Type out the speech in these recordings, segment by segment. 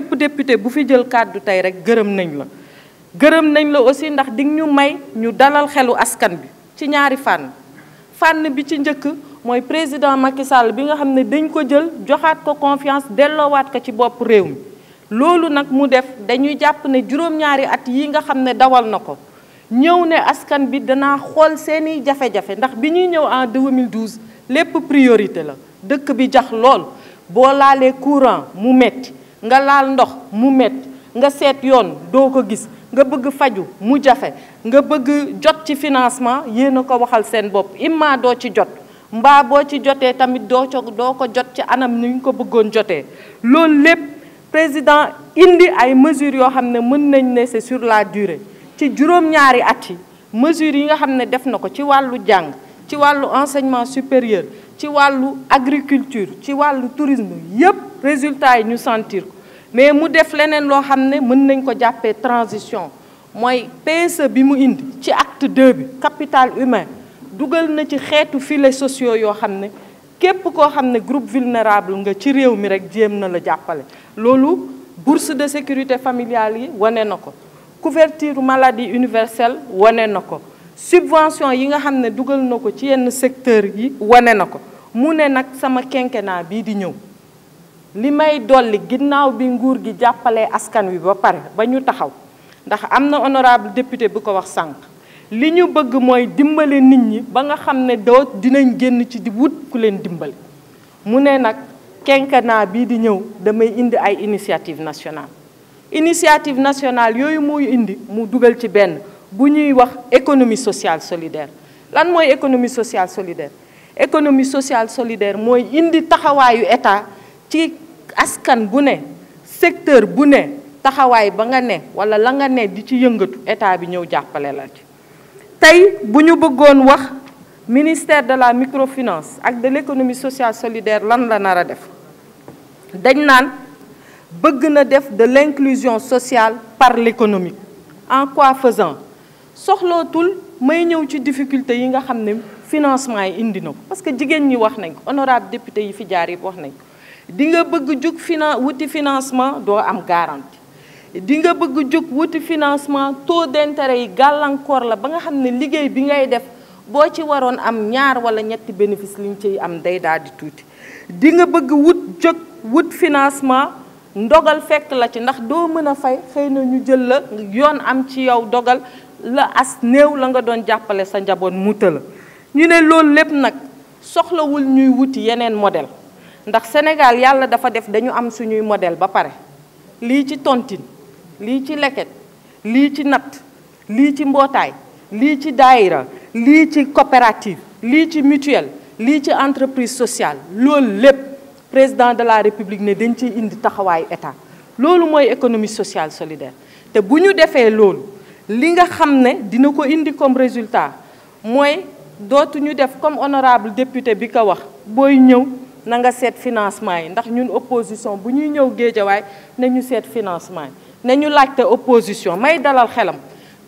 bépp député bu fi jël kàddu tey rek gërëm nañ la gërëm nañ la aussi ndax di ñu may ñu dalal xelu askan bi ci ñaari fànn fànn bi ci njëkk mooy président Macky Sall bi nga xam ne dañ ko jël joxaat ko confiance delloowaat ko ci bopp réew mi loolu nag mu def dañuy jàpp ne juróom at yi nga xam ne dawal na ko ñëw ne askan bi danaa xool seeni jafe-jafe ndax bi ñuy ñëw en 2012 lépp priorité la dëkk bi jax lool boo laalee courant mu metti nga laal ndox mu metti nga seet yoon doo ko gis nga bëgg faju mu jafe nga bëgg jot ci financement yéen a ko waxal seen bopp imma doo ci jot mbaa boo ci jotee tamit doo co doo ko jot ci anam ni ñu ko bëggoon jotee loolu lépp président indi ay mesures yoo xam ne mën nañ ne c'est sur la durée ci juróom-ñaari at yi mesures yi nga xam ne def na ko ci wàllu jàng ci walu enseignement supérieur ci walu agriculture ci walu tourisme yëpp résultat yi ñu sentir ko mais mu def leneen loo xam ne mën nañ ko jàppee transition mooy PSE bi mu indi ci acte 2 bi capital humain dugal na ci xeetu filets sociaux yoo xam ne képp koo xam ne groupe vulnérable nga ci réew mi rek jéem na la jàppale loolu bourse de sécurité familiale yi wane na ko couverture maladie universelle wane na ko subvention yi nga xam ne dugal na ko ci yenn secteur yi wane na ko mu ne nag sama quinquennat bii di ñëw li may dolli ginnaaw bi nguur gi jàppale askan wi ba pare ba ñu taxaw ndax am na honorable député bu ko wax sànq li ñu bëgg mooy dimbale nit ñi ba nga xam ne doo dinañ génn ci di wut ku leen dimbale mu ne nag quinquennat bii di ñëw damay indi ay initiative nationale initiative nationale yooyu mooy indi mu dugal ci benn bu économie sociale solidaire lan moy économie sociale solidaire économie sociale solidaire moy indi taxawaayu état ci askan bu né secteur bu né taxaway ba nga né wala la nga né di ci yëngatu état bi ñëw jappalé la ci tey wax ministère de la microfinance ak de l'économie sociale solidaire lan la nara def dañ nan bëgg na def de l'inclusion sociale par l'économie en quoi faisant soxlootul may ñëw ci difficulté yi nga xam ne financement yi indi na ko parce que jigéen ñi wax nañ ko honorable député yi fi jaar yëpp wax nañ ko di nga bëgg jug finan wuti financement doo am garantie di nga bëgg jug wuti financement taux d'intérêt yi gàllankoor la ba nga xam ne liggéey bi ngay def boo ci waroon am ñaar wala ñetti bénéfice li ñu ciy am day daal di tuuti di nga bëgg wut jóg wut financement ndogal fekk la ci ndax doo mën a fay xëy na ñu jël la yoon am ci yow dogal la as néew la nga doon jàppale sa njaboot mu tëla ñu ne lool lépp nag soxlawul ñuy wuti yeneen model ndax Sénégal yàlla dafa def dañu am suñuy model ba pare lii ci tontine lii ci leket lii ci natt lii ci mbootaay lii ci daayira lii ci coopérative lii ci mutuelle lii ci entreprise sociale loolu lépp président de la république ne dañ ciy indi taxawaayu état loolu mooy économie sociale solidaire te bu ñu defee loolu li nga xam ne dina ko indi comme résultat mooy dootuñu def comme honorable député bi ko wax booy ñëw na nga seet financement yi ndax ñun opposition bu ñuy ñëw géejawaay na ñu seet financement yi na ñu laajte opposition may dalal xelam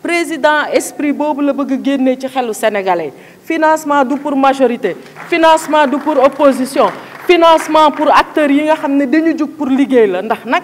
président esprit boobu la bëgg génnee ci xelu sénégalais financement du pour majorité financement du pour opposition financement pour acteurs yi nga xam ne dañu jug pour liggéey la ndax nag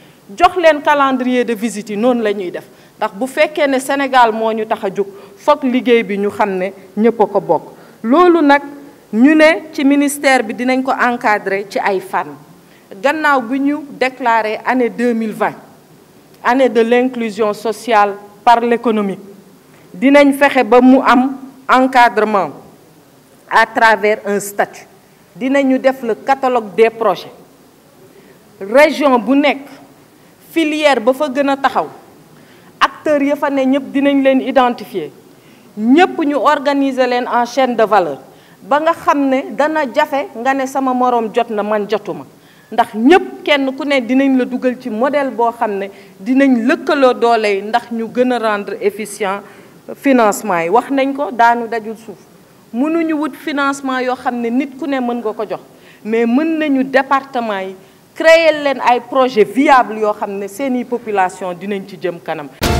jox un calendrier de visite non noonu la ñuy def ndax bu fekkee Sénégal moo ñu tax a jóg foog nous bi ñu xam ne ñëpp a ko bokk loolu le ne ci ministère bi dinañ ko encadrer ci ay fànn gannaaw bi ñu déclaré année 2020 année de l'inclusion sociale par l'économie Nous avons ba mu am encadrement à travers un statut dinañu def le catalogue des projets région bu filière ba fa gën a taxaw acteurs ya fa ne ñëpp dinañ leen identifier ñëpp ñu organiser leen en chaîne de valeur ba nga xam ne dana jafe nga ne sama moroom jot na man jotuma ndax ñëpp kenn ku ne dinañ la dugal ci modèle boo xam ne dinañ lëkkaloo doole yi ndax ñu gën a rendre efficient financement yi wax nañ ko daanu dajul suuf mënuñu wut financement yoo xam ne nit ku ne mën nga ko jox mais mën nañu département yi créer un projet viable yo xamné population dinañ ci jëm kanam